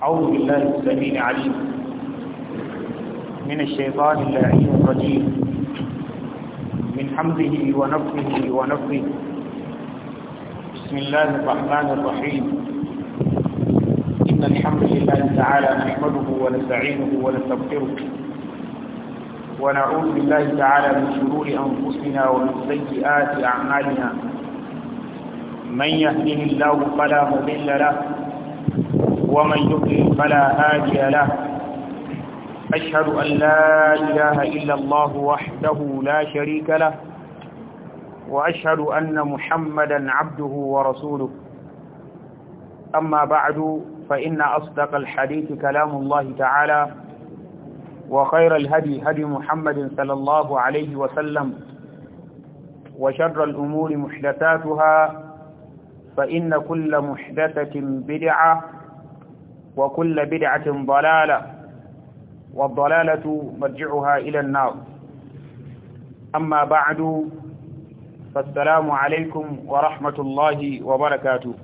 أعوذ بالله السميع العليم من الشيطان اللعين الرجيم من حمده ونفه ونفه بسم الله الرحمن الرحيم إن الحمد لله تعالى نحمده ونستعينه ونستغفره ونعوذ بالله تعالى من شرور أنفسنا ومن سيئات أعمالنا من يهده الله فلا مضل له ومن يضلل فلا هادي له أشهد أن لا إله إلا الله وحده لا شريك له وأشهد أن محمدا عبده ورسوله أما بعد فإن أصدق الحديث كلام الله تعالى وخير الهدي هدي محمد صلى الله عليه وسلم وشر الأمور محدثاتها فإن كل محدثة بدعة وكل بدعة ضلالة والضلالة مرجعها إلى النار أما بعد فالسلام عليكم ورحمة الله وبركاته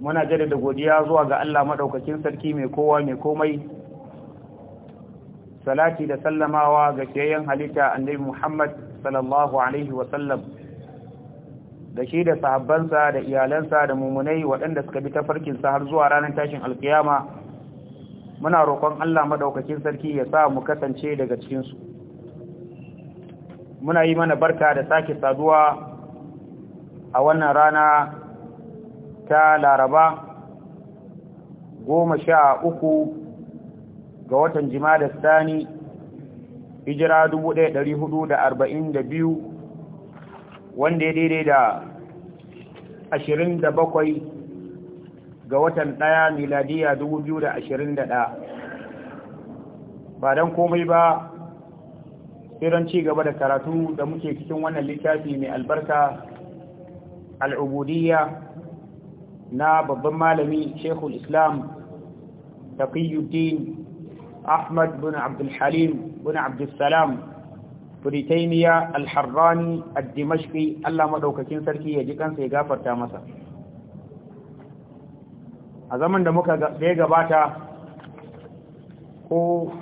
muna jaddada godiya zuwa ga Allah madaukakin sarki mai kowa mai komai salati da sallamawa ga kiyayen halitta annabi Muhammad sallallahu alaihi wa sallam da shi da sahabbansa da iyalansa da mumunai waɗanda suka bi tafarkinsa har zuwa ranar tashin alkiyama muna roƙon Allah maɗaukakin sarki ya sa mu kasance daga cikinsu muna yi mana barka da sake saduwa a wannan rana ta laraba goma sha uku ga watan jima da sani hijira biyu. wanda ya daidai da 27 ga watan ɗaya miladiya 2021 ba don komai ba irin ci gaba da karatu da muke cikin wannan littafi mai albarka al'ubudiyya na babban malami shekul islam taqiyuddin ahmad bin abdulhalim bin abdulsalam Furitaimiya al-Harrani Allah madaukakin sarki ya ji kansa ya gafarta masa a zaman da muka da gabata ko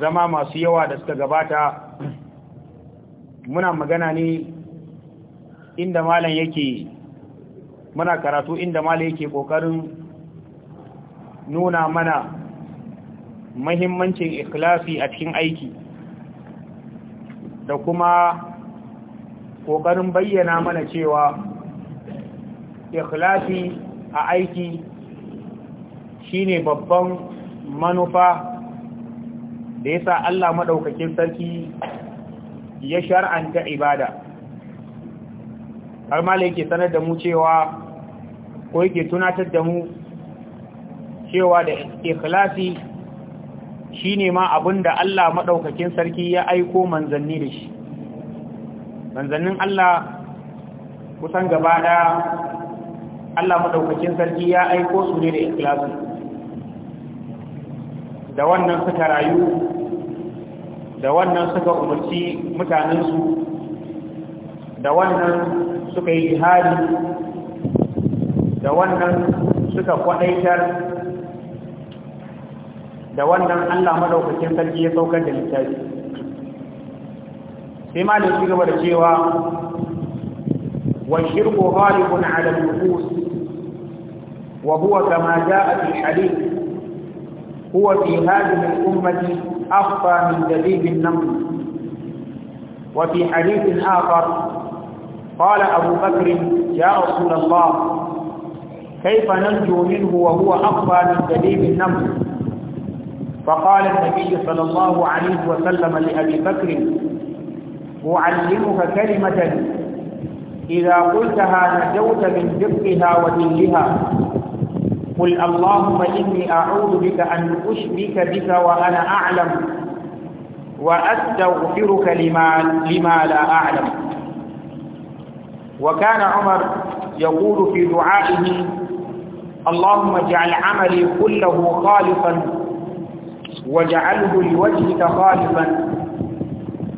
zama masu yawa da suka gabata muna magana ne inda malam yake muna karatu inda malam yake kokarin nuna mana mahimmancin ikhlasi a cikin aiki da kuma ƙoƙarin bayyana mana cewa ikhlasi a aiki shine babban manufa da yasa Allah maɗaukakin sarki ya shar'anta ibada har ma yake sanar da mu cewa ko yake tunatar da mu cewa da ikhlasi Shi ne ma abinda Allah Maɗaukakin sarki ya aiko manzanni da shi manzannin Allah kusan gaba da Allah Maɗaukakin sarki ya aiko su ne da ikilasu da wannan suka rayu da wannan suka umarci mutanensu da wannan suka yi hari da wannan suka kwaɗaitar da wannan Allah madaukakin sarki ya saukar da littafi sai malin ci gaba da cewa والشرك غالب على النفوس وهو كما جاء في الحديث هو في هذه الأمة أخفى من دبيب النمل وفي حديث آخر قال أبو بكر يا رسول الله كيف ننجو منه وهو أخفى من دبيب النمل فقال النبي صلى الله عليه وسلم لأبي بكر أعلمك كلمة إذا قلتها نجوت من دقها وذلها قل اللهم إني أعوذ بك أن أشبك بك وأنا أعلم وأستغفرك لما, لما لا أعلم وكان عمر يقول في دعائه اللهم اجعل عملي كله خالصا واجعله لوجهك خالصا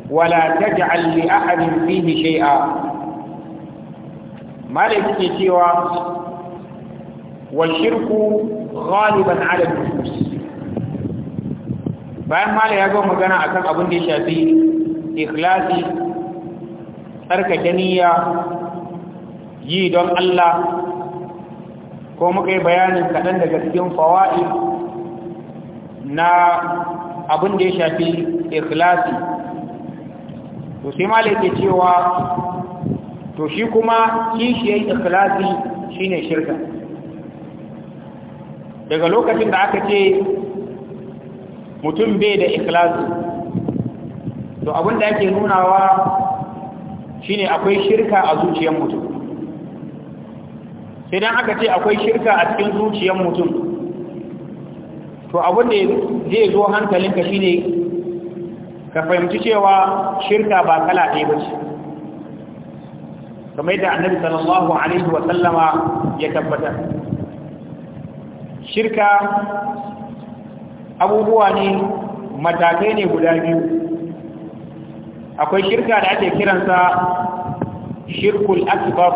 ولا تجعل لأحد فيه شيئا مالك سوى والشرك غالبا على النفوس bayan mala ya zo magana akan abin da ya shafi ikhlasi tsarkake niyya yi don Allah ko muka yi bayanin kaɗan daga cikin fawa'i na abin da ya shafi ikhlasi to sai malai cewa to shi kuma kishiyar ikhlasi shine shirka daga lokacin da aka ce mutum bai da ikhlasi to abin da yake nunawa shine akwai shirka a zuciyar mutum sai dan aka ce akwai shirka a cikin zuciyar mutum to abin da zai zo hankalinka shine ka fahimci cewa shirka ba kala ɗaya ba ce kamar yadda annabi sallallahu alaihi wa sallama ya tabbata shirka abubuwa ne matakai ne guda biyu akwai shirka da ake kiransa shirkul akbar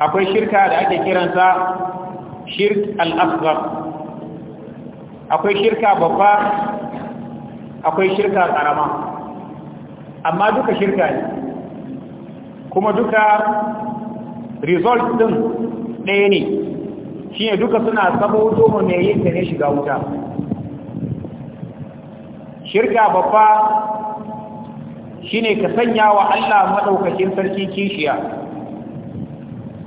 akwai shirka da ake kiransa shirk al akbar akwai shirka babba akwai shirka karama amma duka shirka ne kuma duka result din ɗaya ne shi ne duka suna domin mai yin ta ne shiga wuta shirka babba shi ne ka sanya wa Allah maɗaukacin sarki kishiya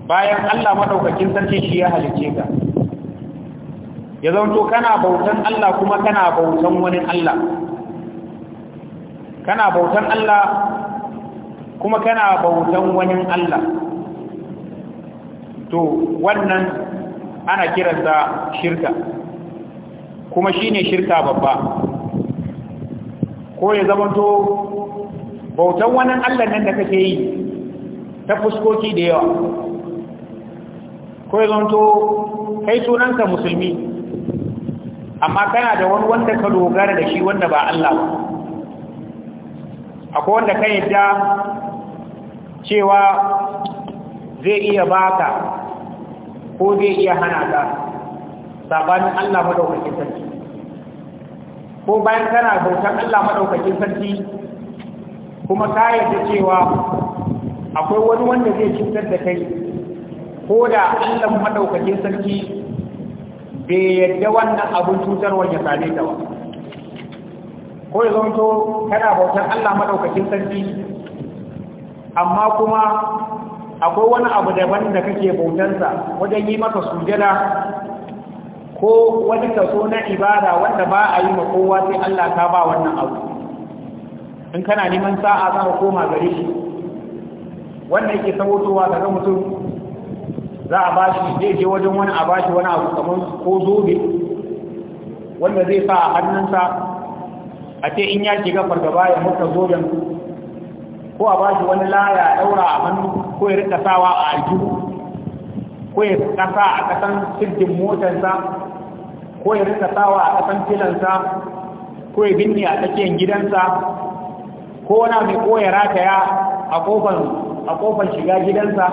bayan Allah maɗaukacin sarki shi ya halice ka ya zanto kana bautan Allah kuma kana bautan wani Allah kana bautan Allah kuma kana bautan wani Allah to wannan ana kiransa shirka kuma shine shirka babba ko ya zamanto bautan wani Allah nan da kake yi ta fuskoki da yawa ko ya zamanto kai sunanka musulmi amma kana da wani wanda ka dogara da shi wanda ba Allah ba akwai wanda ka yadda cewa zai iya baka ko zai iya hana ka sabanin Allah madaukakin sarki ko bayan kana bautan Allah madaukakin sarki kuma ka yadda cewa akwai wani wanda zai cutar da kai ko da Allah madaukakin sarki bai yadda wannan abin cutarwar ya same ta ba ko ya zonto kana bautar Allah maɗaukacin sarki amma kuma akwai wani abu daban da kake bautarsa wajen yi maka sujada ko wani kaso na ibada wanda ba a yi makowa sai Allah ta ba wannan abu in kana neman sa'a za ka koma gare shi wannan yake sabotowa daga mutum za a ba shi zai je wajen wani a ba shi wani abu kamar ko zobe wanda zai sa a hannunsa a ce in ya shiga fargaba ya mutu zoben ko a ba shi wani laya daura a hannu ko ya rika sawa a aljihu ko ya kasa a kasan sirgin motarsa ko ya rika sawa a kasan filansa ko ya binne a tsakiyar gidansa ko wani mai ko ya rataya a kofar shiga gidansa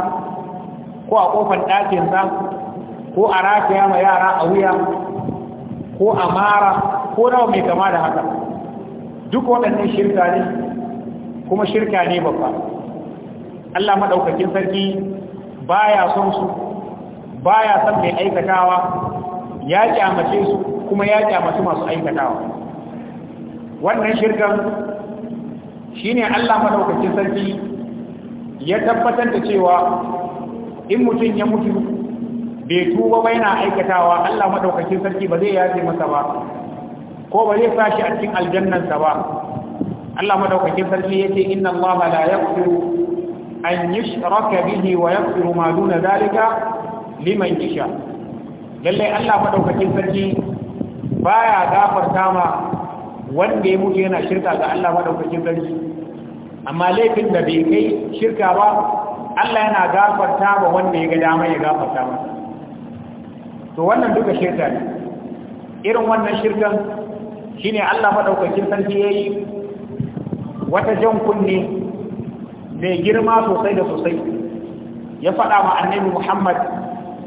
ko a kofar ɗakinsa ko a rafiya ma yara a wuya ko a mara ko nawa mai kama da haka duk waɗannan shirka ne kuma shirka ne babba Allah maɗaukakin sarki baya son su baya son mai aikatawa ya kyamace su kuma ya kyamace masu aikatawa wannan shirkan shine Allah maɗaukakin sarki ya tabbatar da cewa in mutum ya mutu bai tuba ba yana aikatawa Allah madaukakin sarki ba zai yafe masa ba ko ba zai sashi a cikin sa ba Allah madaukakin sarki yace inna Allah la yaghfiru an yushraka bihi wa yaghfiru ma duna zalika liman yasha lalle Allah madaukakin sarki baya gafarta ma wanda ya mutu yana shirka ga Allah madaukakin sarki amma laifin da bai kai shirka ba Allah yana gafarta wa wanda ya ga dama ya gafarta masa to wannan duka shirka ne irin wannan shirkan shine Allah madaukakin sarki yayi wata jan kunne mai girma sosai da sosai ya faɗa ma annabi Muhammad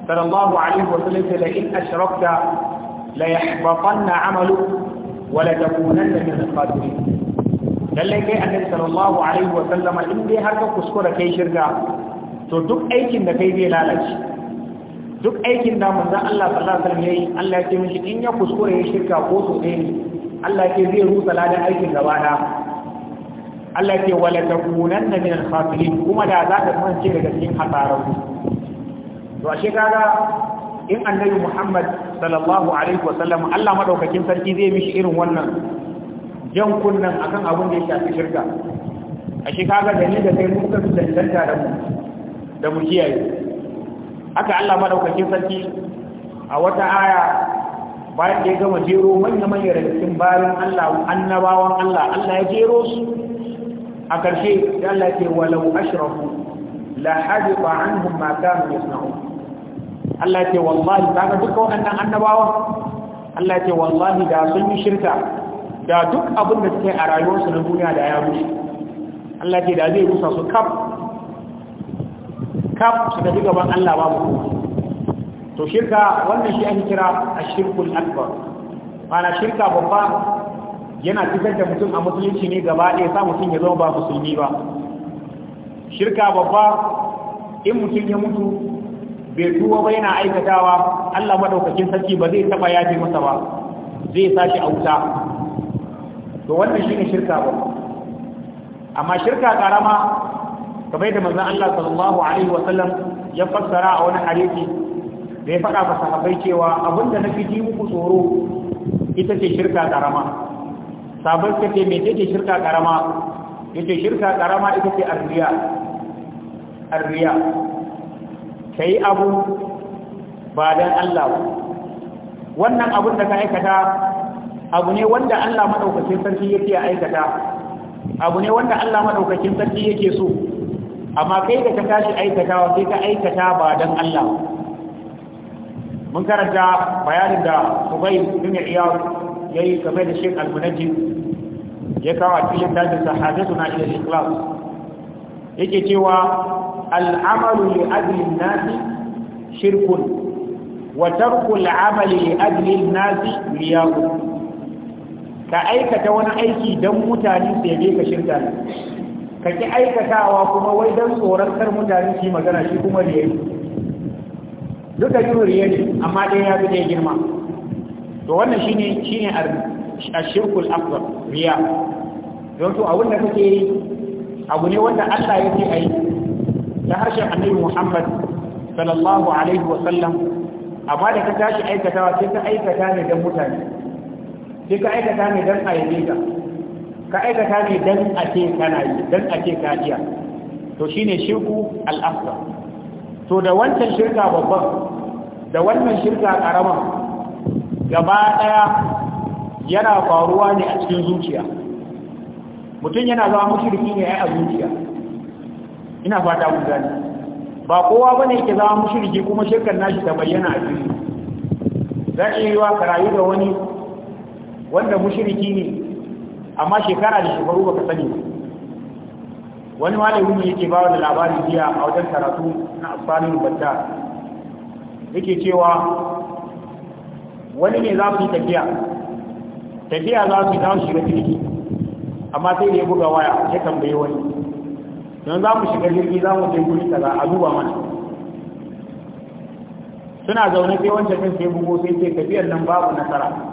sallallahu alaihi wa sai da in ashrakta la na amalu wa la takunanna min al-khasirin lallai kai annabi sallallahu alaihi wa sallama in dai har ka kuskura kai shirka to duk aikin da kai zai lalace duk aikin da manzo Allah sallallahu alaihi wasallam yayi Allah ya ce mishi in ya kuskura ya shirka ko to dai Allah ya ce zai rusa ladan aikin gaba da Allah ya ce wala takunanna min al-khasirin kuma da za ka kasance daga cikin hasararru to ashe kaga in annabi Muhammad sallallahu alaihi wa sallam Allah madaukakin sarki zai mishi irin wannan jan kunnan akan abin da ya shafi shirka a shi kaga da ni da kai mun san danganta da mu da mu kiyaye haka Allah madaukakin sarki a wata aya bayan da ya gama jero manya manyan rikin bayan Allah annabawan Allah Allah ya jero su a karshe da Allah ya ce walau ashrafu la hadiqa anhum ma kanu yasna'un Allah ya ce wallahi kaga duka wannan annabawan Allah ya ce wallahi da sun yi shirka da duk abin da suke a rayuwarsu na duniya da ya rushe Allah ce da zai rusa su kaf kaf su tafi gaban Allah babu ku. to shirka wannan shi an kira a shirkul akbar mana shirka babba yana fitar da mutum a musulunci ne gaba ɗaya sa mutum ya zama ba musulmi ba shirka babba in mutum ya mutu bai tuwa ba yana aikatawa Allah madaukakin sarki ba zai taba yafe masa ba zai sashi a wuta to wannan shi ne shirka ba amma shirka karama kamar yadda manzan Allah sallallahu alaihi wasallam ya fassara a wani hadisi da ya faɗa ba sahabbai cewa abinda na fi muku tsoro ita ce shirka karama sabon suka ce mece ce shirka karama ce shirka karama ita ce arriya arriya kai abu ba dan Allah wannan abun da ka aikata abu ne wanda Allah madaukakin sarki yake aikata abu ne wanda Allah madaukakin sarki yake so amma kai da ka tashi aikatawa sai ka aikata ba don Allah mun karanta bayanin da Ubay bin Iyad yayi game da Sheikh Al-Munajjim ya kawo a cikin dajin sahadatuna ila al-ikhlas yake cewa al-amalu li ajli an-nas shirkun wa tarku al-amali li ajli an-nas riya'un ka aikata wani aiki don mutane su yabe ka shirka ne ka ki aikatawa kuma wai don tsoron mutane su yi magana shi kuma riya ne duka yin riya ne amma ɗaya ya fi ɗaya girma to wannan shine shine ashirkul akbar riya don to abin da kake yi abu ne wanda Allah ya ce a yi. ta harshen annabi Muhammad sallallahu alaihi wa sallam amma da ka tashi aikatawa sai ka aikata ne don mutane sai ka aikata ne don a yabe ka ka aikata ne don a ce kana yi don a ce kariya to shine shirku al'afta to da wancan shirka babban da wannan shirka ƙaramin gaba ɗaya yana faruwa ne a cikin zuciya mutum yana zama mushriki ne a zuciya ina fata mun gani ba kowa bane yake zama mushriki kuma shirkan nashi ta bayyana a fili za a yi wa karayu da wani wanda mushriki ne amma shekara da shekaru baka sani ba wani malami ne yake bawa da labari biya a wajen karatu na asalin batta yake cewa wani ne za su yi tafiya tafiya za su yi za shiga jirgi amma sai da ya buga waya ya tambaye wani don za mu shiga jirgi za mu je guri kaza a duba mana suna zaune sai wancan sai bugo sai sai tafiyar nan babu nasara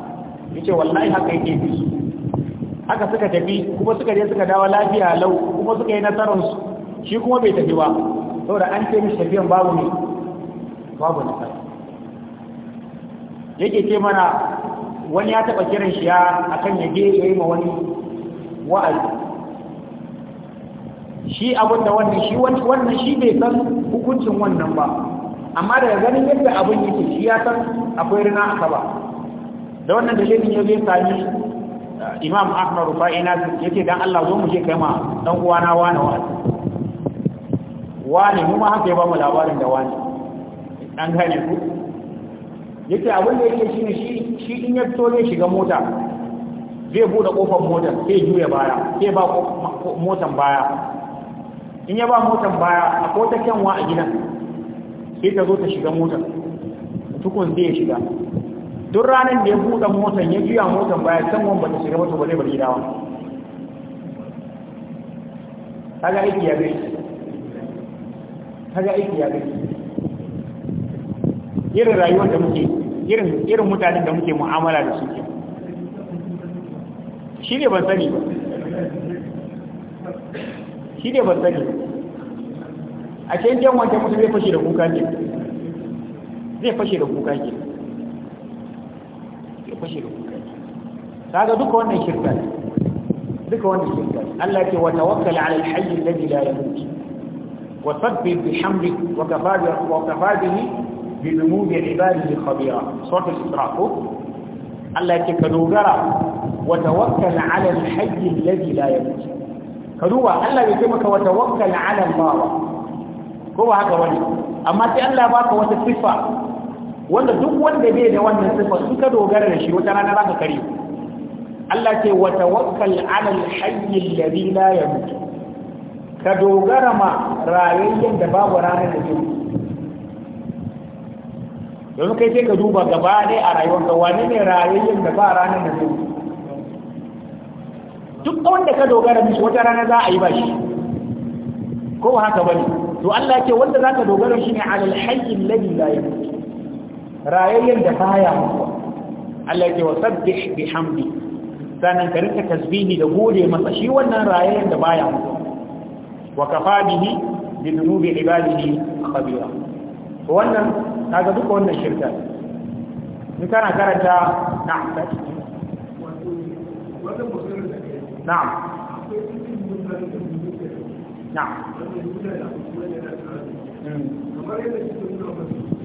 yace wallahi haka yake bi haka suka tafi kuma suka je suka dawo lafiya lau kuma suka yi nasarar su shi kuma bai tafi ba saboda an ce mishi tafiyan babu ne babu nasara yake ce mana wani ya taba kiran shi ya akan ya je yayi ma wani wa'azi shi abin da wannan shi wannan shi bai san hukuncin wannan ba amma daga ganin yadda abin yake shi ya san akwai rina aka ba da wannan dalilin ya zai sami uh, imam ahmad rufa'i na ya ce don allah zo mu je kai ma dan uwana wani wane wane mu ma haka ya ba mu labarin da wani an gane ku ya ce abin da yake shi ne shi in ya fito zai shiga mota zai buɗe ƙofar motar sai juya baya sai ba motan baya in ya ba motan baya a kota kyanwa a gidan sai ta zo ta shiga motar tukun zai shiga duk ranar da ya buɗe motar ya juya motar baya can wani bata shiga mata ba zai bari dawa kaga aiki ya gai kaga aiki ya gai irin rayuwar da muke irin mutane mutanen da muke mu'amala da su ke shi ne ban sani ba shi ne ban sani a cikin jan wancan mutu zai fashe da kuka ke zai fashe da kuka ke fashe da kuka kaga duka wannan shirka duka wannan shirka Allah ke wa tawakkal ala al-hayy alladhi la yamut wa bi Hamdi, wa kafa wa kafa bihi bi dhunubi ibadihi khabira sura al-isra Allah ke ka dogara wa tawakkal ala al-hayy alladhi la yamut ka duba Allah ya ce maka wa tawakkal ala Allah ko haka wani amma sai Allah baka wata sifa wanda duk wanda bai da wannan sifa in dogara da shi wata rana za ka kare Allah ce wa tawakkal ala al-hayy alladhi la yamut ka dogara ma rayayyen da babu ranar da zai yanzu kai sai ka duba gaba ɗaya a rayuwar ka wani ne rayayyen da ba ranar da zai duk wanda ka dogara mishi wata rana za a yi ba shi ko haka bane to Allah ce wanda zaka dogara shi ne ala al-hayy alladhi la yamut rayayyen da baya mutuwa Allah ke wasabbih bihamdi sannan ka rika tasbihi da gode masa shi wannan rayayyen da baya mutuwa wa kafa bihi bi dhunubi ibadihi khabira wannan kaga duka wannan shirka in kana karanta na'am na'am na'am kamar hmm. yadda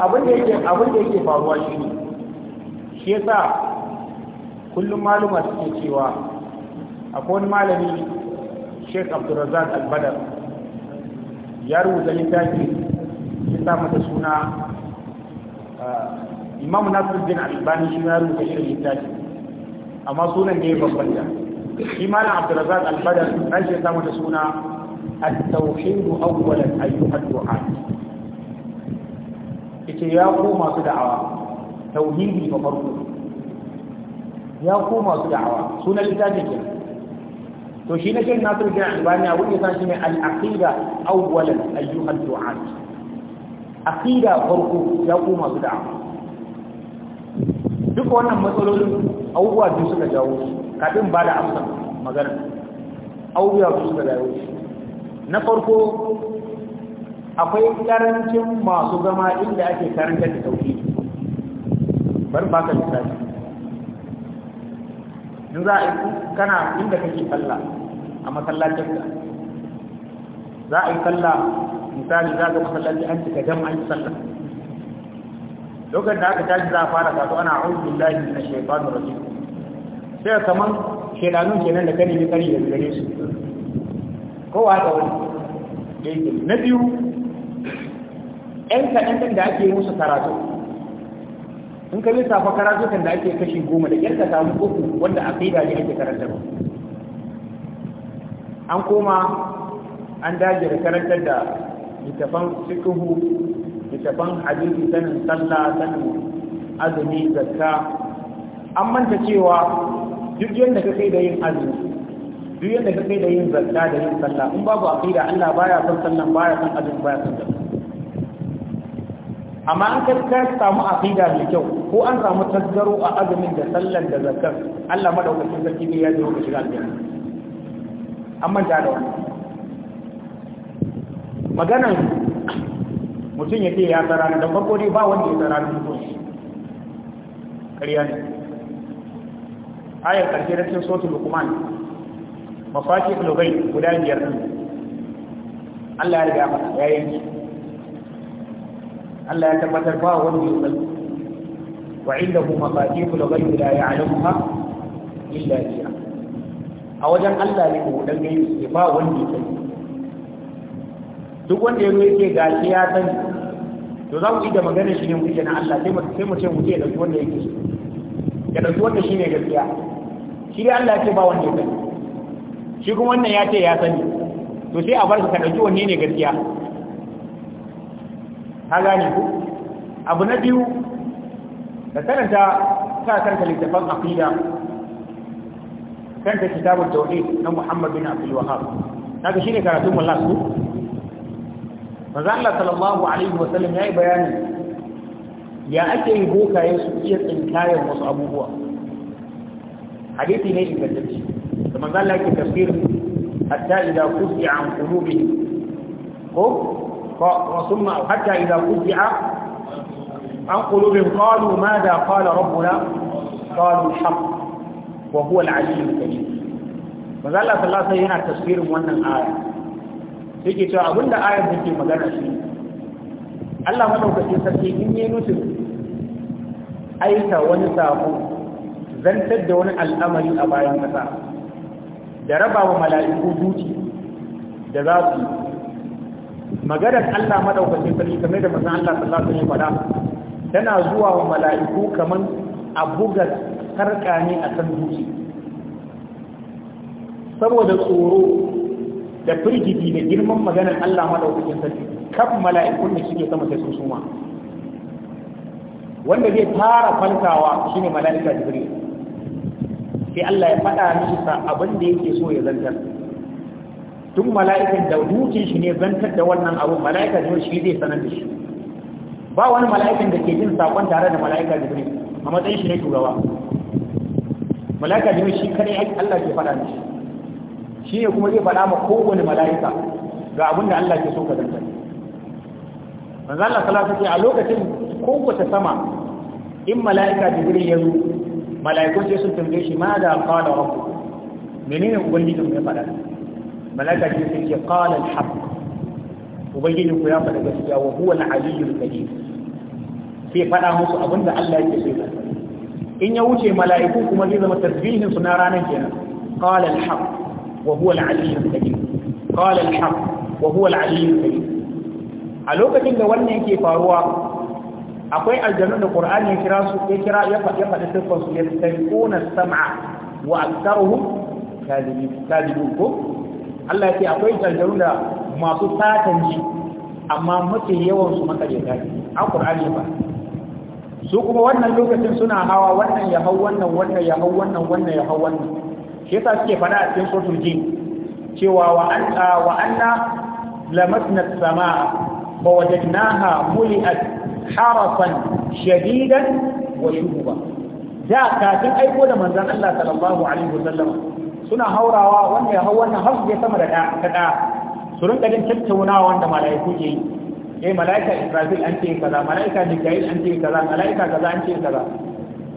abin da yake faruwa shi ne shi yasa kullum maluma suke cewa akwai wani malami Sheikh Abdulrazak Albadar ya rubuta littafi ya sa mata suna Ah, imamu nasiruddin albani shi ya rubuta irin littafi amma sunan ne babban da shi malam abdurrazzaq albadar dan shi samu da suna at-tauhid awwalan ayyuha du'a yace ya ko masu da'awa tauhidi fa farko ya ko masu da'awa sunan littafi ke to shi na shi nasiruddin albani a wuce sa shi ne al-aqida awwalan ayyuha du'a aqida farko ya koma su da'a duk wannan matsalolin abubuwa biyu suka jawo shi kafin ba da amsa magana abubuwa biyu suka jawo shi na farko akwai karancin masu zama inda ake karanta da sauki ba baka lissafi in za a yi kana inda kake sallah a masallacin za a yi sallah misali za ka tsalli an cika jam'a an tsalla lokacin da aka tashi za a fara kato ana a'udhu billahi minash da rajim sai kaman shedanun kenan da kare ne kari da gare su kowa da wani yake na biyu ɗan kaɗan ɗin da ake musu karatu in ka karatu kan da ake kashi goma da ƙyar ka samu uku wanda a fi daji ake karanta ba an koma an daji da karantar da littafan fiqhu littafan hadisi sanin sallah sanin azumi zakka an manta cewa duk yadda ka kai da yin azumi duk yadda ka kai da yin zakka da yin sallah in babu aqida Allah baya son sallan baya son azumi baya son zakka amma an kai ka samu aqida mai kyau ko an samu tasgaro a azumin da sallan da zakkar Allah madaukakin sarki ne ya ji ka shiga aljanna an manta da wannan magana mutum ya ce ya tsara don farko dai ba wanda ya tsara da mutum ƙarya ne ayar na cin sotu lukuman mafashi lugai guda biyar ne Allah ya riga mata ya yanki Allah ya tabbatar ba wanda ya tsaro wa inda hu mafashi lugai guda ya alamuha illa biya a wajen Allah ne ko dangane gaisu ba wanda ya tsaro duk wanda ya zo yake gashi ya sani to za ku yi da magana shi ne muke na Allah sai mu ce muke da wanda yake shi, ya da wanda shi ne gaskiya shi dai Allah ce ba wanda yake sani shi kuma wannan ya ce ya sani to sai a bar ka ɗauki wanne ne gaskiya ka gane ku abu na biyu da karanta ta karanta littafin aqida kanta kitabun tauhid na Muhammad bin Abdul Wahhab kaga shine karatun wallahi manzo Allah sallallahu alaihi wasallam yayi bayani ya ake yi bokaye su iya tsinkayen wasu abubuwa hadisi ne ingantacce da manzo Allah yake tafsir hatta idza quti'a an qulubi ko ko summa hatta idza quti'a an qulubi qalu madha qala rabbuna qalu haqq wa huwa al-'aliyyul kabir manzo Allah sallallahu alaihi wasallam yana tafsirin wannan aya yake cewa abinda ayar da magana shi Allah madaukakin sarki in yi nufin aika wani sako zantar da wani al'amari a bayan kasa da raba wa mala'iku duti da za su maganar Allah madaukakin sarki kamar da manzon Allah sallallahu alaihi wasallam tana zuwa wa mala'iku kaman a buga sarka ne a kan saboda tsoro da firgidi da girman maganar Allah madaukakin sarki kaf mala'ikun da suke sama sai sun suma wanda zai fara falkawa shine mala'ika jibril sai Allah ya faɗa mishi sa abin da yake so ya zantar tun mala'ikan da dukin shi ne zantar da wannan abu mala'ika jibril shi zai sanar da shi ba wani mala'ikan da ke jin sakon tare da mala'ika jibril a matsayin shi ne shugaba mala'ika jibril shi kare Allah ke faɗa mishi shi ne kuma zai faɗa ma kowane mala'ika ga abin da Allah ke so ka danta manzo Allah sallallahu alaihi a lokacin kowace sama in mala'ika jibril ya zo mala'ikun sai sun tambaye shi ma da qala rabbu menene ubangiji mai faɗa mala'ika jibril sun ce qala al-haq ubangiji ku ya faɗa gaskiya wa huwa al-aliyyul kabir sai faɗa musu abin da Allah ke so in ya wuce mala'iku kuma zai zama tasbihin su na ranar kenan qala al وهو العلي الكبير قال الحق وهو العلي الكبير a lokacin da wannan yake faruwa akwai aljannu da qur'ani ya kira su ya kira ya faɗi faɗi sifar su yastaquna sam'a wa aktharuhum kadhibun kadhibun ko Allah ya ce akwai aljannu da masu satan ji amma mafi yawan su maka da gadi a qur'ani ba su kuma wannan lokacin suna hawa wannan ya hau wannan wannan ya hau wannan wannan ya hau wannan shi yasa suke fada a cikin suratul jin cewa wa an wa anna lamasna as-samaa fa wajadnaha muli'at harasan shadidan wa shuhuba da kafin aiko da manzan Allah sallallahu alaihi wasallam suna haurawa wanda ya hau wannan har ya sama da da su rinka jin tattaunawa wanda mala'iku ke yi eh mala'ika Israfil an ce kaza mala'ika Mikail an ce kaza mala'ika kaza an ce kaza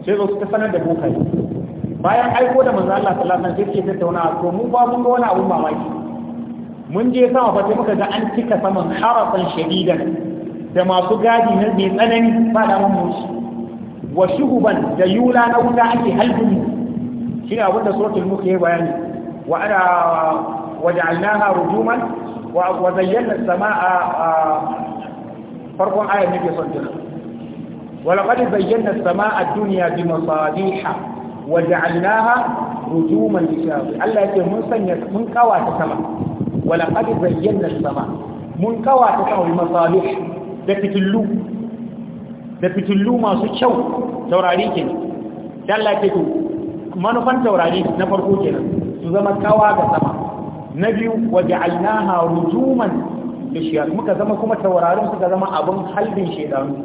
sai su ta sanar da bokai bayan aiko da manzo Allah sallallahu alaihi wasallam sai ke tattauna to mun ba mun ga wani abun mamaki mun je sama fa sai muka ga an cika saman harafan shadidan da masu gadi na mai tsanani ba da mun mushi wa shuhuban da yula na wuta ake halbin shi ne abin da suratul mulk ya bayani wa ana waja'alnaha rujuman wa wa zayyana as-samaa'a farkon ayat nake son tuna ولقد زينا السماء الدنيا بمصابيح waja'alnaha rujuman lishayatin Allah yake mun mun kawata sama wala qad zayyana sama mun kawata sama bi da fitillu masu kyau taurari ke da Allah yake to manufan taurari na farko kenan su zama kawa ga sama na biyu waja'alnaha rujuman lishayatin muka zama kuma taurarin suka zama abin halbin shedanu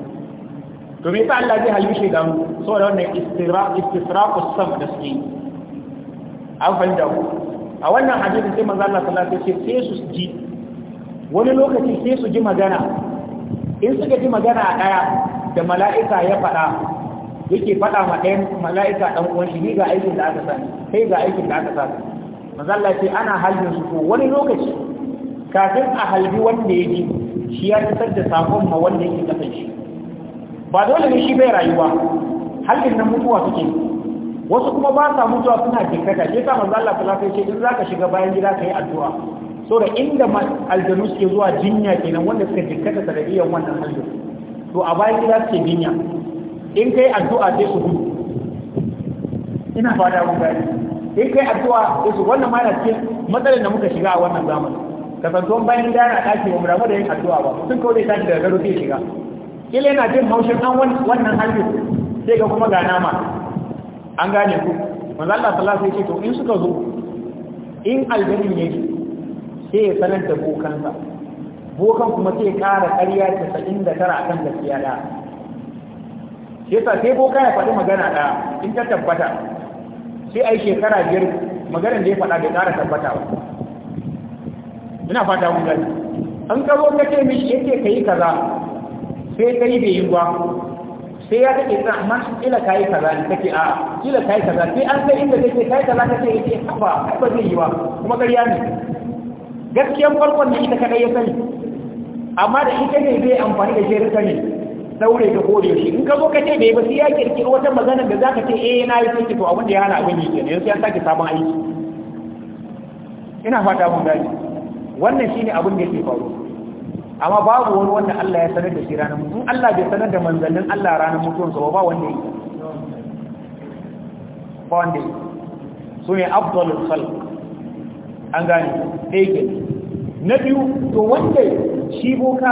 to me yasa Allah zai halbi da mu saboda wannan istiraq istifraq as-sam da suke an fahimta ku a wannan hadisi sai manzo Allah sallallahu alaihi wasallam sai su ji wani lokaci sai su ji magana in suka ji magana a daya da mala'ika ya faɗa yake faɗa ma ɗayan mala'ika ɗan uwan shi ni ga aikin da aka sani sai ga aikin da aka sani manzo Allah sai ana halin su ko wani lokaci kafin a halbi wanda ya ji shi ya fitar da sakon ma wanda yake kasan shi ba dole ne shi bai rayuwa halin nan mutuwa suke wasu kuma ba sa mutuwa suna jikkata sai sa manzo Allah sallallahu alaihi wasallam in zaka shiga bayan gida kai addu'a so da inda aljannu suke zuwa jinya kenan wanda suka da iyayen wannan halin to a bayan gida suke jinya in kai addu'a sai su gudu ina fada mun gani in kai addu'a sai su wannan ma yana cikin matsalar da muka shiga a wannan zamanin kasantuwan bayan gida na ɗaki ba mu damu da yin addu'a ba mutum kawai zai tashi daga gado sai shiga kila yana jin haushin an wannan hanyu sai ga kuma ga nama an gane ku manzo Allah sallallahu alaihi wasallam to in suka zo in aljanin ne sai ya sananta bokansa bokan kuma sai ƙara ƙarya 99 akan gaskiya da sai ta sai boka ya faɗi magana da in ta tabbata sai ai shekara biyar maganin da ya faɗa bai ƙara tabbata ba ina fata mun gani an ka zo ka ce mishi yake kai kaza sai kai bai yi ba sai ya take tsira amma kila kai kaza ne take a kila kai kaza sai an sai inda take kai kaza take yake haba ba zai yi ba kuma gariya ne gaskiyan farkon ne ita kadai ya sani amma da ita ne zai amfani da shirin ne daure ta kore shi in ka zo ka ce bai ba sai ya kirkiro wata magana da zaka ce eh na yi sai to abin da ya hana abin yi kenan sai ya sake sabon aiki ina fata mun gani wannan shine abin da yake faruwa amma babu wani wanda Allah ya sanar da shi ranar mutuwa Allah bai sanar da manzannin Allah ranar mutuwansa ba wanda yi. ba wanda yi su ne abdullul khalq an gane ɗaya na biyu to wanda shi boka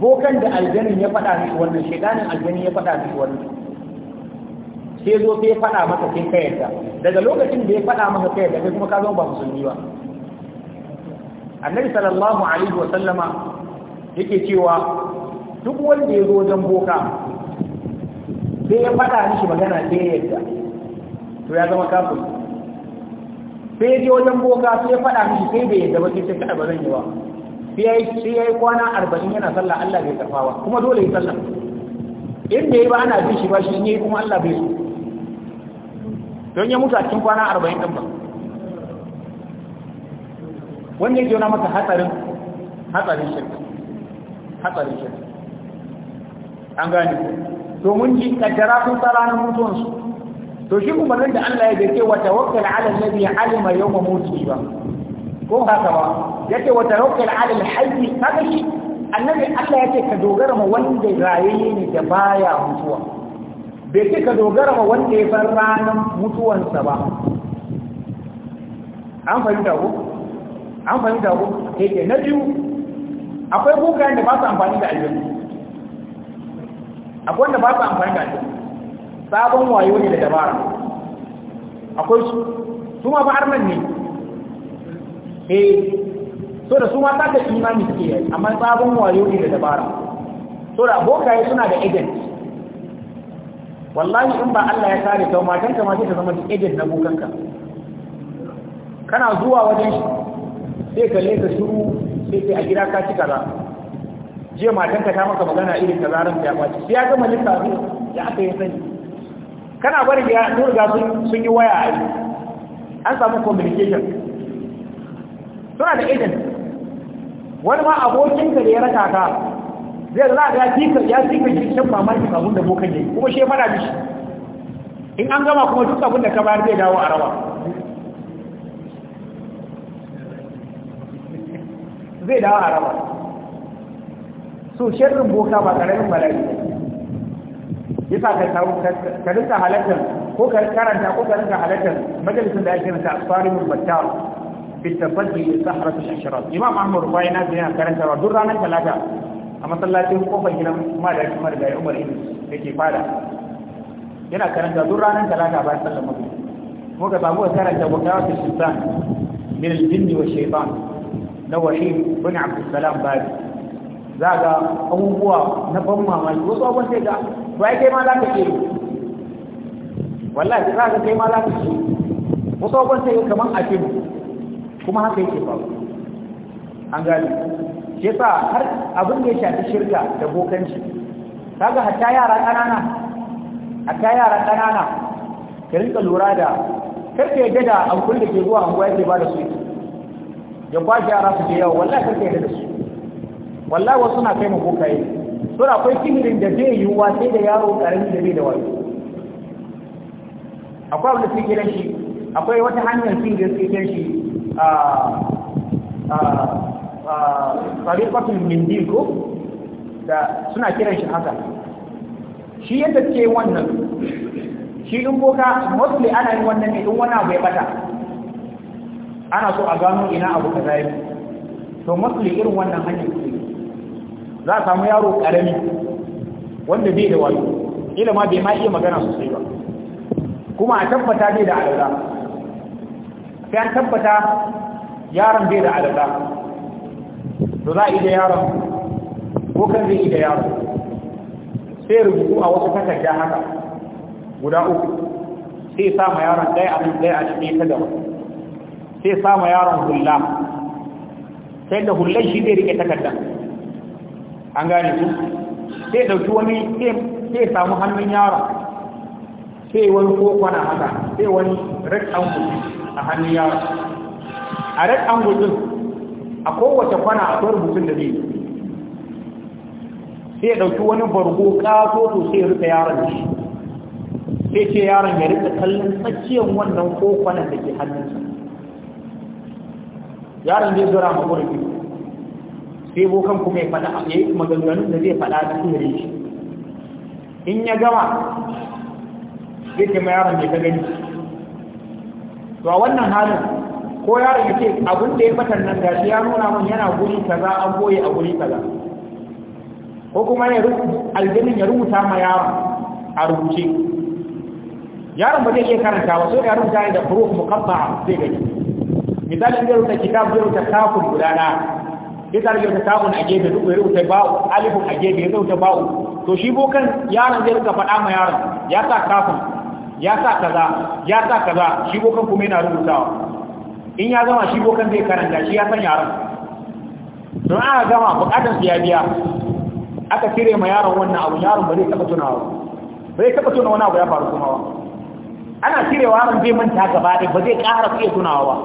bokan da aljanin ya faɗa mishi wannan shaidanin aljanin ya faɗa mishi wannan sai zo sai faɗa masa sai ka yarda daga lokacin da ya faɗa masa ka yarda kai kuma ka zama ba musulmi ba annabi sallallahu alaihi wa sallama yake cewa duk wanda ya zo wajen boka sai ya fada mishi magana sai ya yadda to ya zama kafin sai ya je wajen boka sai ya fada mishi sai bai yadda ba sai ta kada zan yi ba sai ya yi kwana arba'in yana sallah Allah bai tafawa kuma dole ya sallah in da ba ana bi shi ba shi ne kuma Allah bai so don ya mutu a cikin kwana arba'in ɗin ba wannan yake yana maka hatsarin hatsarin shirka hatsarin shirka an gane to mun ji kaddara sun tsara na mutuwansu to shi nan da Allah ya gace wa tawakkal ala ya alima ma mutihi ba ko haka ba yace wa tawakkal ala alhayy haka shi annabi Allah ya ce ka dogara ma wanda rayaye ne da baya mutuwa bai ce ka dogara ma wanda ya bar ranar mutuwansa ba an fahimta ko an fahimta ko yake eh, eh, na biyu akwai bukayen da ba su amfani da aljanu akwai wanda ba su amfani da aljanu sabon wayo ne da dabara akwai su su ma ba arnan ne eh so da su ma ta ka imani suke yi amma sabon wayo ne da dabara so da bokaye suna da agent wallahi in ba Allah ya kare ta matanka ma sai ta zama agent na ka. kana zuwa wajen shi sai ka ka shiru sai sai a gida ka ci kaza jiya matanka ta maka magana irin kaza ran ta baci sai ya gama lissafi ya aka yi sani kana barin ya sun riga sun yi waya a an samu communication suna da agent wani ma abokinka da ya raka ka zai za a ya tika ya ji shan mamaki abin da bokan yayi kuma shi mana mishi in an gama kuma duk abun da ka bayar zai dawo a rawa zai dawo a raba so sharrin boka ba karamin bala'i yasa ka ka rinka halattar ko ka karanta ko ka rinka halattar majalisun da ake rinka asfarimul battal bitafaddi da sahara ta shirar imam ahmad rubai na zai karanta ba duk ranar talata a masallacin kofar gidan madaki marigayi umar idris da ke fada yana karanta duk ranar talata bayan sallar mutu muka samu karanta bukawa ta sultan min aljinni wa shaitan na wahid bin abdussalam bari za ga abubuwa na ban mamaki wasu abubuwan sai ga to ai kai ma za ka ke wallahi za ka kai ma za ka ke wasu abubuwan sai ga kamar a kuma haka yake ba an gani shi yasa har abin da ya shafi shirka da bokanci kaga hatta yara ƙanana hatta yara ƙanana ka rinka lura da karka yadda da abubuwan da ke zuwa anguwa yake ba da su ya kwashi yara su je yawo ka kai da su wallah wasu na kai mu kokaye to akwai kimirin da zai yi wa sai da yaro karami da bai da wani akwai da su kiran shi akwai wata hanyar cin da su kiran shi a a a mindigo da suna kiran shi haka shi yadda ke wannan shi in boka mostly ana yin wannan ne in wani abu ya bata ana so a gano ina abu zai yake to matsali irin wannan hanyar ce za a samu yaro karami wanda bai da wayo ila ma bai ma iya magana sosai ba kuma a tabbata bai da alaƙa sai an tabbata yaron bai da alaƙa to za a ida yaron ko kan zai ida yaron sai rubutu a wasu takarda haka guda uku sai sa ma yaron ɗaya a nan ɗaya a cikin ta gaba sai sama yaron hula sai da hullan shi zai rike takardar an gane su sai dauki wani sai samu hannun yaron sai wani kokona haka sai wani rectangle a hannun yaron a red rectangle din a kowace kwana akwai rubutun da zai sai dauki wani bargo kaso su sai rufe yaron shi sai ce yaron ya rika kallon tsakiyar wannan kokonan da ke hannunsa yaron zai zura ma ƙorafi sai bokan kuma ya fada ya yi maganganun da zai fada da sihiri shi in ya gama zai ce ma yaron mai ta gani to a wannan halin ko yaron ya ce abin da ya fatan nan gashi ya nuna min yana guri kaza an goye a guri kaza ko kuma ya aljinin ya rubuta ma yaron a rubuce yaron ba zai iya karanta ba so ya rubuta da furuk mukabba zai gani misali in zai rubuta kitab zai rubuta kafin guda na da sa rubuta kafin a gefe duk ya rubuta ba'u alifin a gefe ya rubuta ba'u to shi bokan yaron zai rubuta faɗa ma yaron ya sa kafin ya sa kaza ya sa kaza shi bokan kuma yana rubutawa in ya zama shi bokan zai karanta shi ya san yaron don aka gama bukatar su ya biya aka cire ma yaron wannan abu yaron ba zai taɓa tunawa ba zai taɓa tuna wani abu ya faru kuma ana cirewa yaron zai manta gaba ɗaya ba zai ƙara fiye tunawa ba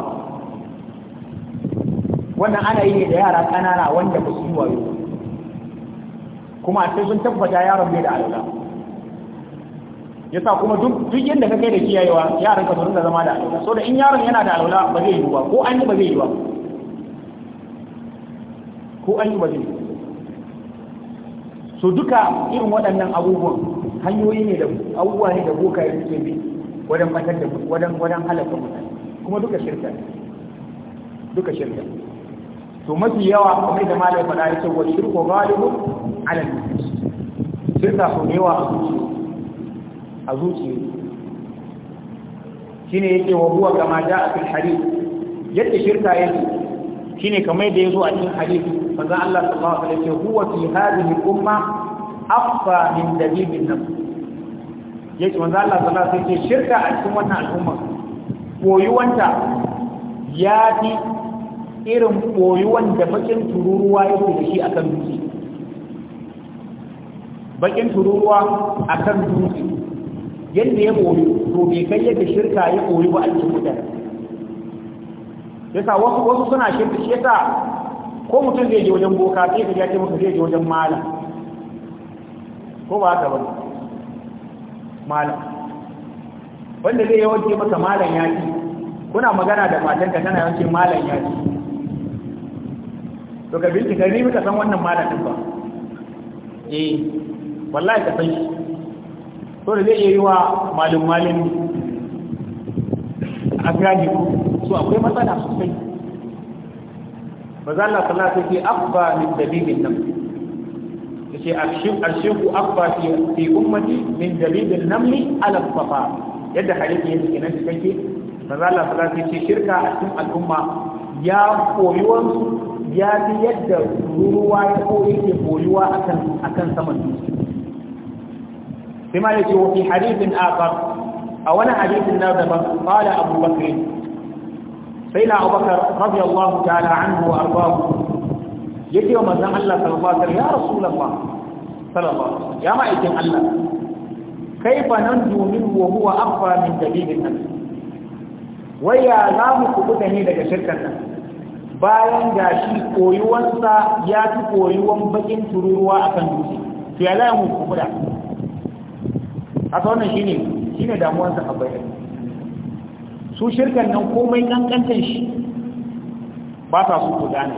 wannan ana yi ne da yara ƙanana wanda ba su yi wayo kuma sai sun tabbata yaron bai da alƙa yasa kuma duk duk yanda ka kai da kiyayewa yaran ka su rinka zama da alƙa so da in yaron yana da alƙa ba zai yi ba ko an yi ba zai yi ba ko an yi ba zai yi so duka irin waɗannan abubuwan hanyoyi ne da abubuwa ne da boka ya suke bi wajen fatar da wajen wajen halaka mutane kuma duka shirka duka shirka to mafi yawa kamar da malai faɗa ya ce wani shirko galibin alal shirka sau da yawa a zuciya a zuciya shine yake wa huwa kama ja a fil hadith yadda shirka ya ce. yake ne kamar da ya zo a cikin hadisi manzo Allah ta sallallahu alaihi wasallam huwa fi hadhihi umma affa min dabibin nafs yace manzo Allah ta sallallahu alaihi ce shirka a cikin wannan al'umma koyuwanta ya fi irin koyuwan da bakin tururuwa yake da shi akan dutse bakin tururuwa akan dutse yadda ya koyu to bai kai yadda shirka ya koyu ba a cikin mutane yasa wasu wasu suna shirka shi yasa ko mutum zai je wajen boka sai ka ce maka zai je wajen malam ko ba haka ba malam wanda zai yawanci maka malam ya ci kuna magana da matanka tana yawanci malam ya ci to ka bincika ni muka san wannan malamin ba eh wallahi ka san shi to da zai yi wa malum malin a gani ku so akwai matsala sosai maza Allah sallallahu alaihi wasallam yake abba min dabibin nan yace arshiku abba fi fi ummati min dabibin namli ala safa yadda hadisi yake kenan cikakke maza Allah sallallahu alaihi wasallam yake shirka a cikin al'umma ya koyi ya fi yadda ruwa ya ko yake koyuwa akan akan saman dutse Sima ya ce wa fi hadithin akhar a wani hadithin na daban qala abu bakr sai na abu bakr radiyallahu ta'ala anhu wa ardahu yake wa manzon Allah sallallahu alaihi wasallam ya rasu sallallahu alaihi ya ma'aikin Allah kaifa nan domin wa huwa afa min dalilin nan waya za mu kubuta ne daga shirkan nan bayan shi koyuwansa ya fi koyuwan bakin tururuwa a kan dutse to ya zai kuma da haka wannan shine shine damuwarsa sa abai su shirkan nan komai kankantan shi ba sa su kuda ne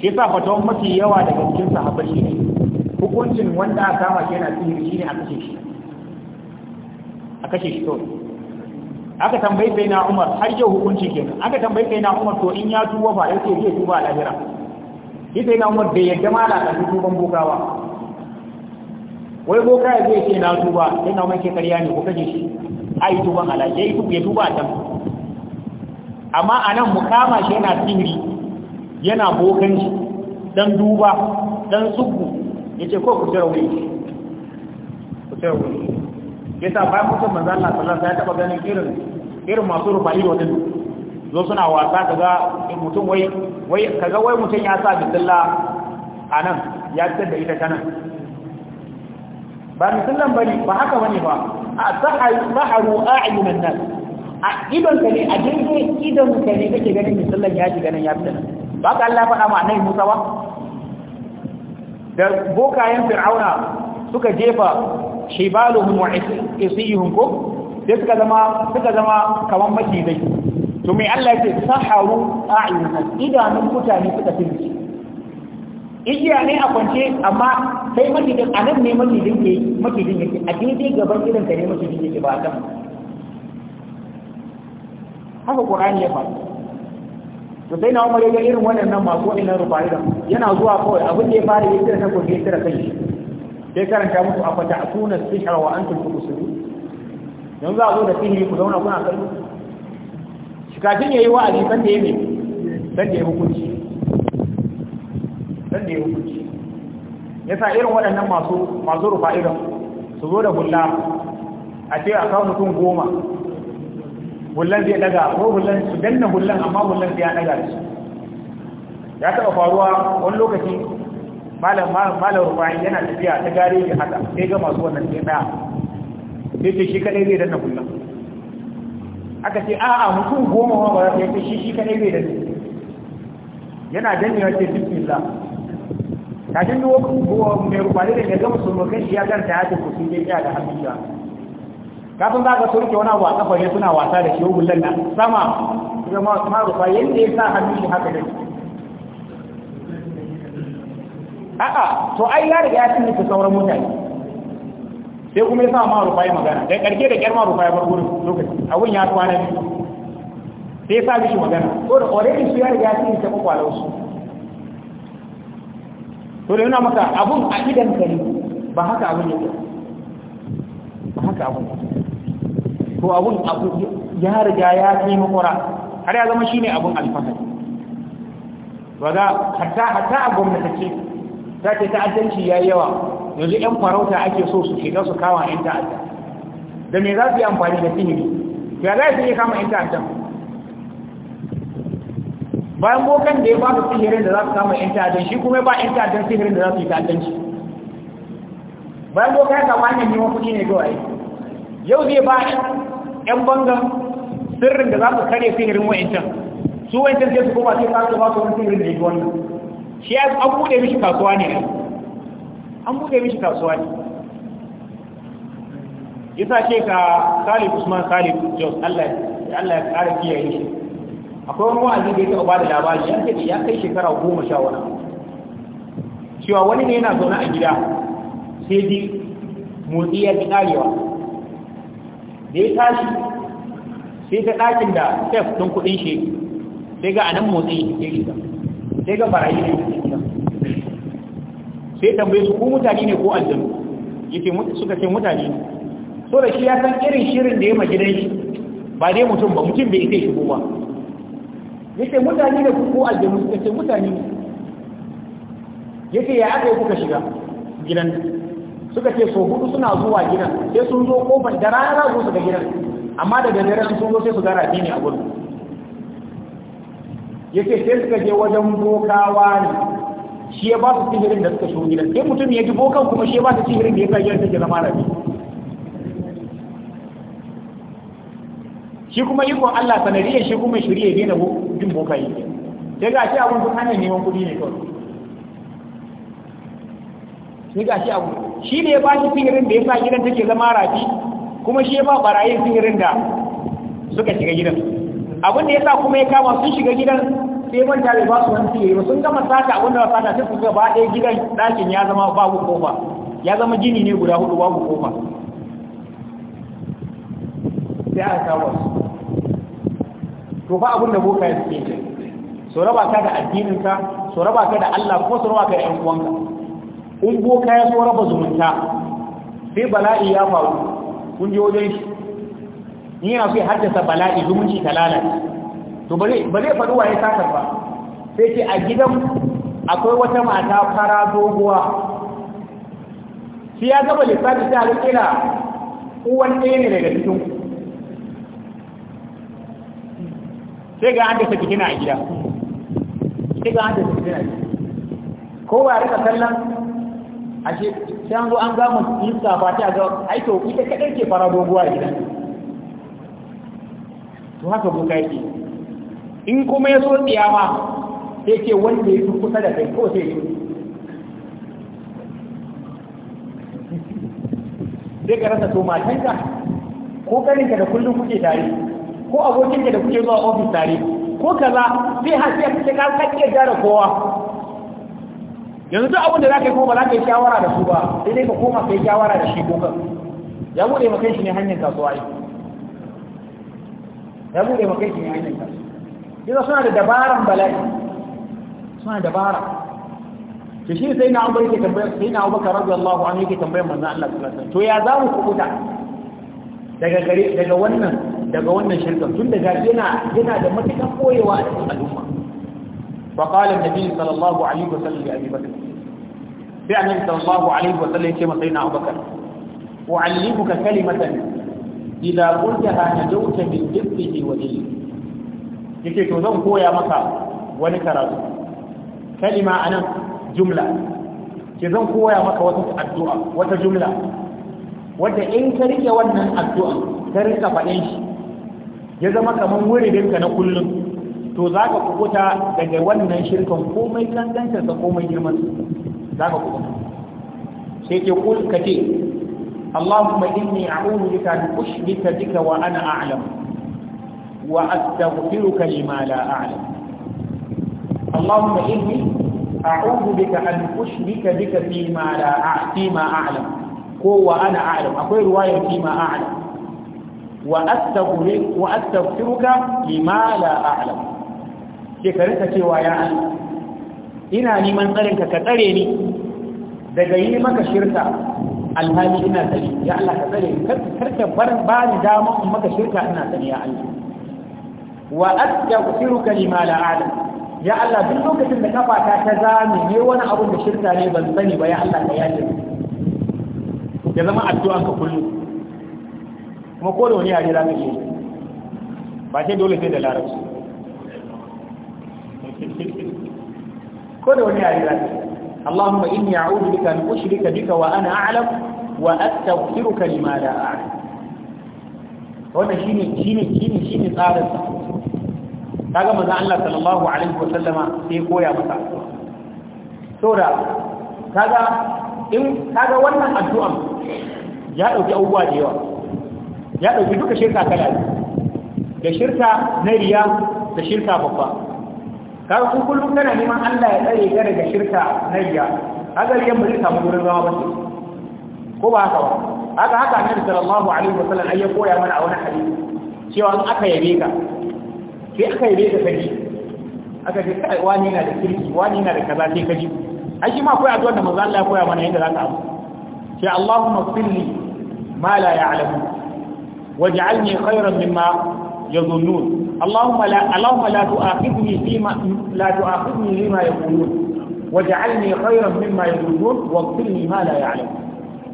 shi yasa fatawan mafi yawa daga cikin shi ne. hukuncin wanda aka kama yana sihiri shine a kashe shi a kashe shi kawai aka tambayi sai na umar har yau hukunci kenan aka tambayi sai na umar to in ya tuba ba ce zai tuba a lahira shi sai na umar bai yadda mala a kan tuban bokawa wai boka ya zai ce na tuba sai na umar ke karya ne ko ji shi ai tuban ala yayi tuba ya tuba can. amma anan mukama shi yana tsiri yana shi dan duba dan sugu yace ko ku tsara wuri ku tsara wuri yasa bayan mutum manzo Allah sallallahu alaihi wasallam ya taba ganin irin irin masu rufa'i wadin zo suna wasa kaga in mutum wai wai kaga wai mutum ya sa bismillah anan ya fitar da ita kanan ba bismillah bane ba haka bane ba a saharu saharu a'yunan nas a idan ka a dinge idan ka kake ganin bismillah ya ji ganin ya fitar ba ka Allah faɗa ma annabi Musa ba da bokayen Fir'auna suka jefa shibaluhum wa isiyuhum ko sai suka zama suka zama kaman macizai to mai Allah yake saharu a'yunhum idanun mutane suka tinci igiya ne a kwance amma sai macizin anan ne macizin ke macizin yake a daidai gaban idan ka ne macizin yake ba ta haka qur'ani ya faɗi to sai na umar ya irin waɗannan masu waɗannan rufa'idan yana zuwa kawai abin da ya fara yi tira ta kurje tira kai sai karanta muku a fata a tuna sihar wa an tulku musulmi yanzu za a zo da sihiri ku zauna kuna kallo shi kafin ya yi wa'azi san da ya mai, san da ya hukunci san da ya hukunci ya sa irin waɗannan masu masu rufa irin su zo da hulla a ce a kawo mutum goma hullan zai daga ko hullan su danna hullan amma hullan zai ya daga da shi ya taɓa faruwa wani lokaci malam malam rufa'i yana tafiya ta gare shi haka sai ga masu wannan sai daya sai ce shi kaɗai zai danna kullum aka ce a'a mutum goma ma ba za ta yi shi shi kadai zai danna yana dannewa ce bismillah kafin duk wani mai rufa'i da ya gama sulmukan shi ya garta ya tafi sun je da hannun shi kafin za ka turke wani abu a kafa ne suna wasa da shi hukun lallan sama kuma ma rufa'i yadda ya sa hannun shi haka ne a'a to ai ya riga ya ta sauran mutane sai kuma ya sa ma rufa ya magana dai karke da kyar ma rufa ya bar gurin lokaci abun ya kwana biyu sai ya sa shi magana ko da already su ya riga ya ta kwakwalau su to da yana maka abun a idan ka ne ba haka abun yake ba haka abun to abun abu ya riga ya kai makwara har ya zama shine abun alfahari ba za hatta hatta a gwamnatace ta ce ta'addanci ya yi yawa yanzu 'yan farauta ake so su shiga su kawo 'yan ta'adda da me za su yi amfani da sihiri ya za su yi kama 'yan ta'adda bayan bokan da ya ba su sihirin da za su kama 'yan ta'addan shi kuma ba 'yan ta'addan sihirin da za su yi ta'addanci bayan bokan ya kama hanyar neman kuɗi ne kawai yau zai ba 'yan bangan sirrin da za su kare sihirin wa'incan su wa'incan sai su koma sai su ba su wani sihirin da ya wannan shi an bude mishi kasuwa ne an bude mishi kasuwa ne yasa ce ka Salif Usman Salif Jos Allah Allah ya kare kiyaye shi akwai wani wa'azi da ya taɓa bada labari ya ce ya kai shekara goma sha wani cewa wani ne yana zaune a gida sai ji motsi ya fi ɗarewa da ya tashi sai ta ɗakin da sef ɗin kuɗin shi sai ga anan motsi ya gida. sai ga barayi ne sai tambaye su ko mutane ne ko aljanu yake suka ce mutane ne so da shi ya san irin shirin da ya ma gidan shi ba dai mutum ba mutum bai ita shigo ba yake mutane ne ko aljanu suka ce mutane ne yake ya aka yi kuka shiga gidan suka ce so hudu suna zuwa gidan sai sun zo kofar da rana za su ga gidan amma daga dare sun zo sai su gara ne a gudu yake sai suka je wajen bokawa ne shi ya ba su sihirin da suka shigo gidan sai mutum ya ji bokan kuma shi ya ba su sihirin da ya sa gidan take zama rabi shi kuma yi ikon Allah sanadiyar shi kuma shirye ya daina jin boka yi sai ga shi abun duk hanyar neman kuɗi ne kawai sai ga shi abu shi ne ya ba shi sihirin da ya sa gidan take zama rafi kuma shi ya ba barayin sihirin da suka shiga gidan abin da ya sa kuma ya kama sun shiga gidan sai manta da ba su wani sihiri ba sun gama sata abin da ba sata sai su ga ba ɗaya gidan ɗakin ya zama babu kofa ya zama gini ne guda hudu babu kofa sai aka kawo su to ba abin da boka ya suke ce su raba ka da addininka su raba ka da Allah ko su raba ka da ƴan uwanka in boka ya so raba zumunta sai bala'i ya faru kun je wajen shi ni yana fi haddasa bala'i zumunci ta lalace to ba zai faru waye sakar ba sai ce a gidan akwai wata mata fara doguwa shi ya gaba lissafi ta alƙila uwan ɗaya ne daga cikin sai ga an haddasa fitina a gida sai ga an haddasa fitina a gida kowa rika kallon ashe sai an zo an gamu lissafa ta ga aito ita kaɗai ke fara doguwa gidan to haka boka yake in kuma ya so ɗiyama, sai ke wanda ya fi kusa da kai ko sai zai ka rasa to matanka ko kaninka da kullum kuke tare ko abokinka da kuke zuwa ofis tare ko kaza sai har sai kuke ka kakkiyar da kowa yanzu duk abin da za ka yi kuma ba za ka yi shawara da su ba sai dai ka koma ka yi shawara da shi ko kan ya bude maka shi ne hanyar kasuwa yi ya bude maka shi ne ainihin kansu yanzu suna da dabaran bala'i suna dabara to shi sai na Umar yake tambayar sai na Abubakar radiyallahu anhu yake tambayar Allah sallallahu alaihi to ya za mu kubuta daga wannan daga wannan shirka tun da yana yana da matakan koyewa a cikin al'umma fa qala an-nabi sallallahu alaihi wasallam li abi bakr sai annabi sallallahu alaihi wasallam ya ce masa sai na Abubakar u'allimuka kalimatan idza qultaha najawta min dibbihi wa ilmi yake to zan koya maka wani karatu kalima anan jumla ke zan koya maka wata addu'a wata jumla wanda in ka rike wannan addu'a ka rika faɗin shi ya zama kamar wuridinka na kullum to za ka kukuta daga wannan shirkan komai kankantarsa komai girman za ka kukuta sai ke kul ka اللهم إني أعوذ بك أن أشرك بك وأنا أعلم وأستغفرك لما لا أعلم اللهم إني أعوذ بك أن أشرك بك فيما لا أعلم فيما أعلم هو أنا أعلم أقول رواية فيما أعلم وأستغفرك وأستغفرك لما لا أعلم shekarunka cewa إنا Allah ina neman tsarinka ka tsare alhali ina tsari ya Allah ka tsare karka bar ba ni dama in maka shirka ina tsari ya Allah wa astaghfiruka lima la a'lam ya Allah duk lokacin da kafata ta zame ne wani abu da shirka ne ban sani ba ya Allah ka yaje ya zama addu'a ka kullum kuma ko da wani yare za ka ba sai dole sai da larabci ko da wani yare za ka اللهم إني أعوذ بك أن أشرك بك وأنا أعلم وأستغفرك لما لا أعلم wannan shine shine shine shine tsarin sa kaga manzo Allah sallallahu alaihi wa sallama sai koya masa saboda kaga in kaga wannan addu'an ya dauki abubuwa da yawa ya ɗauki duka shirka kala da shirka na riya da shirka babba ka ku kullum kana neman Allah ya tsare ka daga shirka na iya haka riyan ba samu wurin zama ba ko ba haka ba haka haka annabi sallallahu alaihi wasallam ai ya koya mana a wani hadisi cewa in aka yabe ka sai aka yabe ka kaji aka ce kai wani na da kirki wani na da kaza sai kaji ai shi ma koyi addu'a da manzo Allah ya koya mana yadda za ka abu sai Allahumma qilli ma la ya'lamu waj'alni khayran mimma يظنون اللهم لا اللهم لا تؤاخذني فيما لا تؤاخذني فيما يقولون واجعلني خيرا مما يظنون واغفر لي ما لا يعلم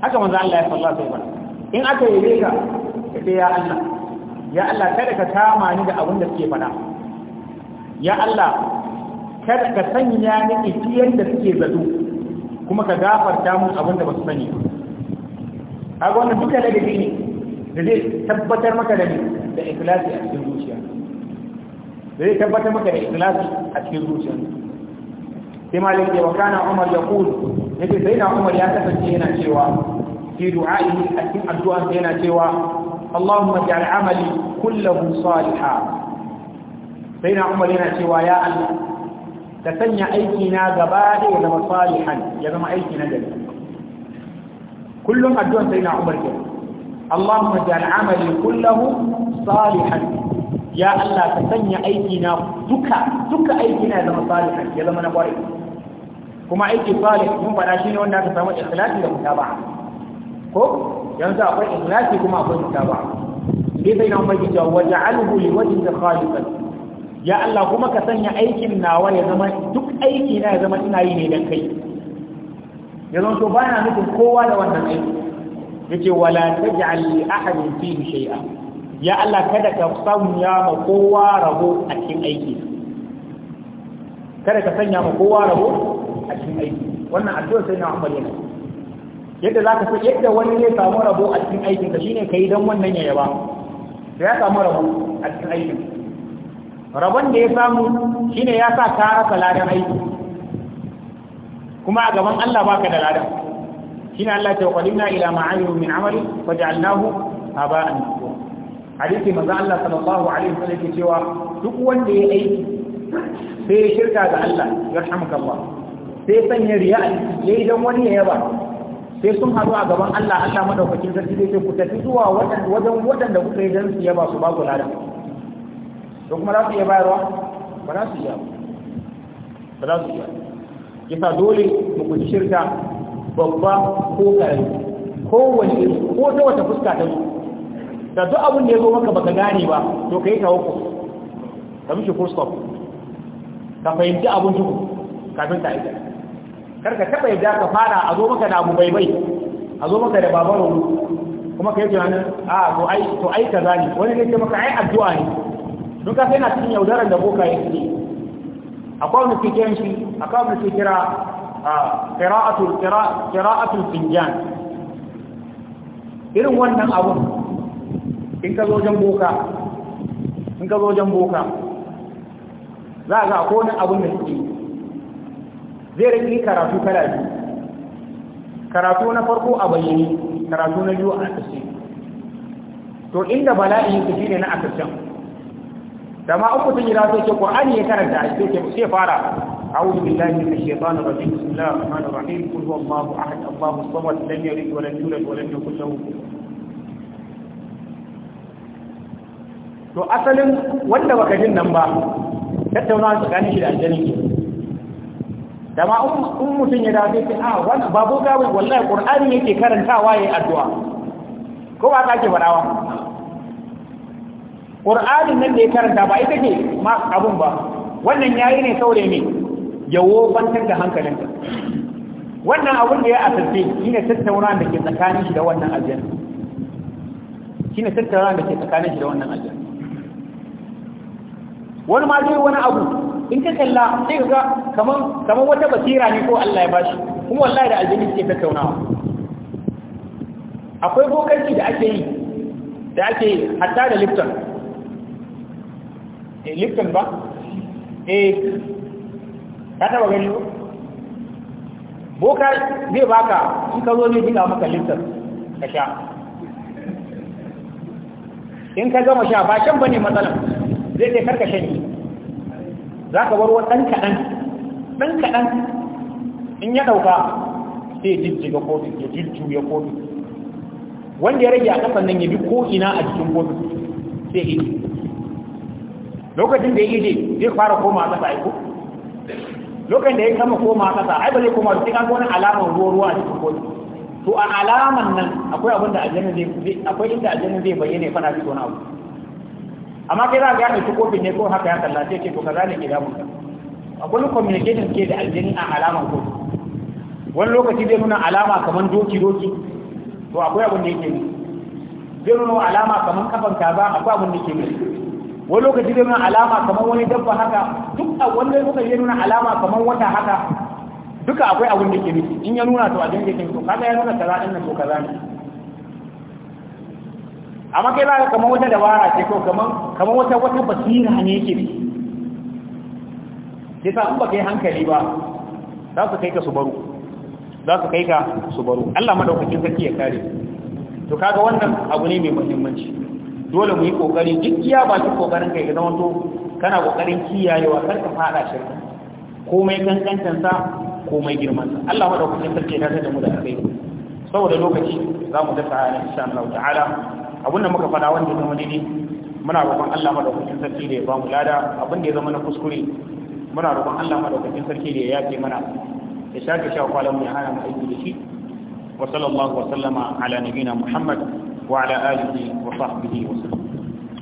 هذا من الله صلى الله عليه ان اتى اليك يا الله يا الله كذا تاماني da abin da suke fada ya Allah kada ka sanya ni ci yanda suke zato kuma ka gafarta mun abin da ba su sani a da zai tabbatar maka da ne da ikhlasi a cikin zuciya da zai tabbatar maka da ikhlasi a cikin zuciya sai malik ya wakana umar ya kulu yake sai na umar ya kasance yana cewa fi du'a'i a cikin addu'a sai yana cewa Allahumma ja'al amali kullahu salihan sai na umar yana cewa ya Allah ka sanya aiki na gaba da ya zama salihan ya zama aiki na gari kullum addu'an sai na umar kenan Allahumma ja'al amali kullahu salihan ya Allah ka sanya aiki na duka duka aiki zama salihan ya zama na kwarai kuma aiki salih mun fada shine wanda aka samu ikhlasi da mutaba'a ko yanzu akwai ikhlasi kuma akwai mutaba'a dai sai na mai cewa waja'alhu liwajhika khalisan ya Allah kuma ka sanya duk ya zama ina yi ne dan kai ya zama to bana nufin kowa da wannan aiki yace wala taj'al li ahadin fihi shay'a ya Allah kada ka sanya ma kowa rabo a cikin aiki kada ka sanya ma kowa rabo a cikin aiki wannan addu'a sai na Umar yana yadda zaka so yadda wani ya samu rabo a cikin aikin ka shine kai dan wannan ya yaba da ya samu rabo a cikin aikin rabon da ya samu shine ya sa ka rasa ladan aiki kuma a gaban Allah baka da ladan shine Allah ta qadimna ila ma'amilu min amali waja'alnahu haba'an mansura hadisi manzo Allah sallallahu alaihi wasallam yake cewa duk wanda ya aiki sai ya shirka ga Allah yarhamukallah sai sanya riya yayi dan wani ya yaba sai sun hadu a gaban Allah Allah madaukakin sarki zai ce ku tafi zuwa wajen wajen waɗanda kuka yi don su yaba su ba ku lada to kuma za su iya bayarwa ba za su iya ba za su iya yasa dole mu guji shirka babba ko kare ko iri ko ta wata fuska ta su da duk abin da ya zo maka baka gane ba to ka yi tawakkul ka mishi full stop ka fahimci abin tuku kafin ka kar karka taba yadda ka fara a zo maka da abu bai bai a zo maka da babar kuma ka yi tunanin a to ai to ai ka ne wani ne ce maka ai addu'a ne don ka sai na cikin yaudaran da boka yake akwai wani ke shi akwai wani ke kira qira'atul qira'atul finjan irin wannan abun in ka zo jan boka in ka zo jan za ga ko wani abun da suke zai rike karatu kala biyu karatu na farko a bayyane karatu na biyu a ƙarshe to inda bala'i yake shine na a ƙarshen da ma uku sun yi za su ce ƙur'ani ya karanta a ce sai fara أعوذ بالله من الشيطان الرجيم بسم الله الرحمن الرحيم قل هو الله أحد الله الصمد لم يلد ولم يولد ولم يكن له to asalin wanda baka jin nan ba tattaunawa tsakanin shi da shi. da ma in mutum ya dace sai a wannan babu gawe wallahi qur'ani yake karantawa yayin addu'a ko ba ka ke fadawa qur'ani nan da ya karanta ba ita ce ma abun ba wannan yayi ne saurayi ne Yawo, wofantar da hankalinka wannan abin da ya asirce shi ne tattauna da ke tsakanin shi da wannan ajiyar shi ne tattauna da ke tsakanin shi da wannan ajiyar wani ma zai wani abu in ka kalla sai ga kamar kamar wata basira ne ko Allah ya bashi kuma wallahi da aljini ke tattaunawa akwai bokanci da ake yi da ake yi hatta da lifton. eh lifton ba eh ka taba gani ba boka zai baka in ka zo ne gina maka littar ka sha in ka gama sha ba shan ba ne matsalar zai ɗai karka shan za ka warwa ɗan kaɗan ɗan kaɗan in ya ɗauka sai jijjiga kofi, ya ya kofi. wanda ya rage a ƙasan nan ya bi ko'ina a jikin kofi, sai iji lokacin da ya yi zai fara koma a ƙasa aiko lokacin da ya kama koma kasa ai ba zai koma sai cikin wani alamar ruwa ruwa a cikin kotu to a alaman nan akwai abin da aljanna zai akwai inda aljanna zai bayyana ya fada cikin abu amma kai za ka ya ɗauki kofin ne ko haka ya kalla sai ce to kaza ne ke damu ka akwai communication ke da aljini a alaman kotu wani lokaci zai nuna alama kamar doki doki to akwai abin da yake ne zai nuna alama kamar kafan kaza akwai abin da yake ne wani lokaci zai nuna alama kamar wani dabba haka duk a wani lokaci zai nuna alama kamar wata haka duka akwai abin da ke nufi in ya nuna to a dinga kin to kaga ya nuna kaza din nan to kaza ne amma kai zaka kamar wata dabara ce ko kamar kamar wata wata basira ne yake bi sai ka in ba kai hankali ba za su kai ka su baro za su kai ka su baro Allah madaukakin sarki ya kare to kaga wannan abu ne mai muhimmanci dole mu yi kokari duk iya bakin kokarin kai idan wato kana kokarin kiyayewa kar ka fada shirka komai kankantan sa komai girman sa Allah madaukakin sarki ya tada mu da abai saboda lokaci za mu dasa ayar insha Allah ta'ala abin da muka fada wanda zama daidai muna roƙon Allah madaukakin sarki da ya ba mu lada abin da ya zama na kuskure muna roƙon Allah madaukakin sarki da ya yafe mana ya shafe shafa kwalan mu ya hana mu aiki da shi wa sallallahu wa sallama ala nabiyina Muhammad وعلى آله وصحبه وسلم